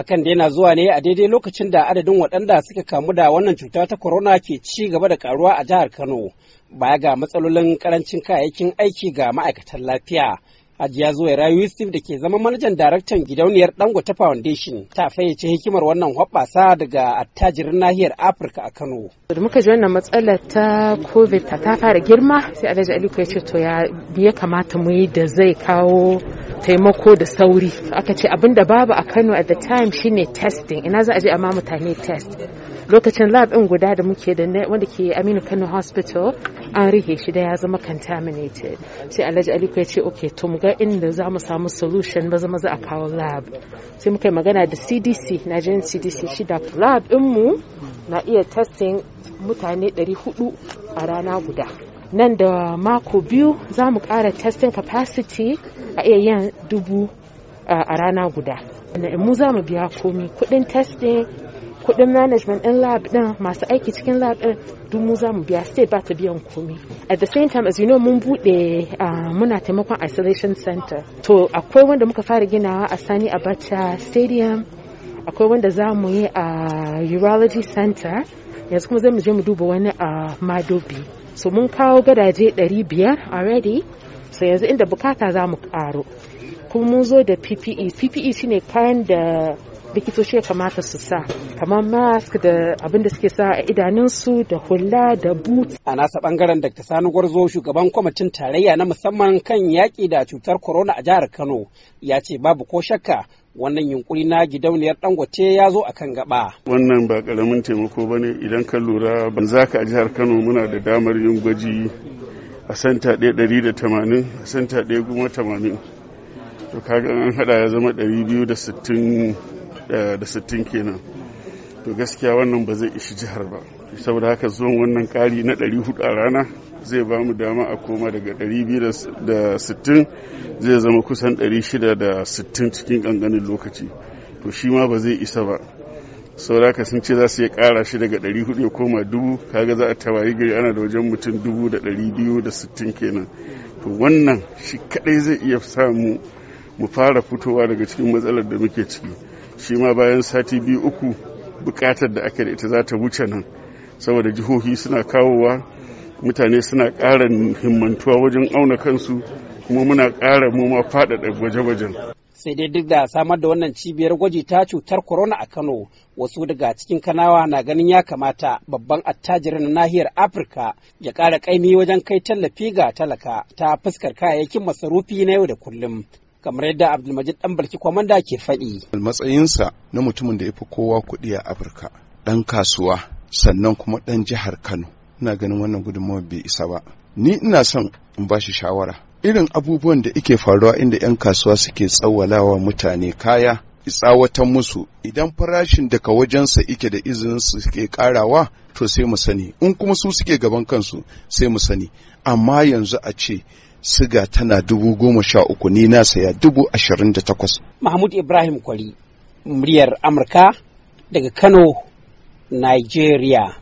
Hakan dai na zuwa ne a daidai lokacin da adadin waɗanda suka kamu da wannan cuta ta corona ke ci gaba da karuwa a jihar Kano, baya ga matsalolin karancin kayayyakin aiki ga ma'aikatan lafiya. Hajiya rayu Yusuf da ke zama manajan daraktan gidauniyar Dangote Foundation ta fayyace hikimar wannan hoɓɓasa daga attajirin nahiyar Afirka a Kano. Da muka ji wannan matsalar ta COVID ta fara girma sai Alhaji Aliko ya ce to ya kamata mu yi da zai kawo taimako da sauri aka ce abinda babu a kano at the time shine testing ina za a je a ma mutane test lokacin lab ɗin guda da muke da wanda ke aminu kano hospital an rihe shi da ya zama contaminated sai alhaji aliko ya ce ok to mu ga inda za mu samu solution ba zama za a kawo lab sai muka yi magana da cdc na nigerian cdc shi da lab mu na iya testing mutane 400 a rana guda nan da mako biyu za mu ƙara testing capacity a iya yin dubu a rana guda mu za mu biya komi kudin testing kudin management din lab ɗin masu aiki cikin lab ɗin duk mu za mu biya state ba ta biyan komi at the same time as you know mun bude muna taimakon isolation center to akwai wanda muka fara ginawa a sani abacha stadium akwai wanda za mu yi a urology center yanzu kuma zai mu je mu duba wani a madobi so mun kawo gadaje 500 already so yanzu inda bukata za mu karo kuma mun zo da ppe ppe shine kayan da likitoci ya kamata su sa kamar mask da abin da suke sa a idanunsu da hula da boots a nasa bangaren ta sanu gwarzo shugaban kwamitin tarayya na musamman kan yaƙi da cutar corona a jihar kano ya ce babu ko shakka wannan yunkuri na gidauniyar dangote ya zo a kan gaba wannan ba karamin taimako ba ne idan ka lura ban za ka a jihar kano muna da damar yin gwaji a santa ɗaya ɗari da tamanin a santa ɗaya goma tamanin to kaga an haɗa ya zama ɗari biyu eh, da sittin kenan to gaskiya wannan ba zai ishi jihar ba saboda haka zuwan wannan ƙari na ɗari hudu a rana zai ba mu dama a koma daga 260 zai zama kusan 660 cikin ganganin lokaci to shi ma ba zai isa ba sauraka sun ce za su yi kara shi daga 400 ya koma dubu kaga za a tawayi gari ana da wajen mutum dubu da 260 kenan to wannan shi kadai zai iya samu mu fara fitowa daga cikin matsalar da muke ciki shi ma bayan sati biyu uku bukatar da aka da ita za ta wuce nan saboda jihohi suna kawowa mutane suna ƙara himmantuwa wajen auna kansu kuma muna ƙara mu faɗaɗa gwaje-gwajen sai dai duk da samar da wannan cibiyar gwaji ta cutar corona a kano wasu daga cikin kanawa na ganin ya kamata babban attajirin nahiyar afirka ya ƙara ƙaimi wajen kai tallafi ga talaka ta fuskar kayayyakin masarufi na yau da kullum kamar yadda abdulmajid dan balki kwamanda ke faɗi. matsayinsa na mutumin da ya fi kowa kuɗi a afirka ɗan kasuwa sannan kuma ɗan jihar kano ina ganin wannan gudunmawar bai isa ba ni ina son in ba shi shawara irin abubuwan da ike faruwa inda 'yan kasuwa suke tsawalawa mutane kaya tsawatan musu idan farashin daga wajensa ike da izinin su suke karawa to sai mu sani in kuma su suke gaban kansu sai mu sani amma yanzu a ce siga tana dubu goma sha uku ni na saya dubu ashirin da takwas. Mahmud Ibrahim Kwari, muryar Amurka daga Kano, Nigeria.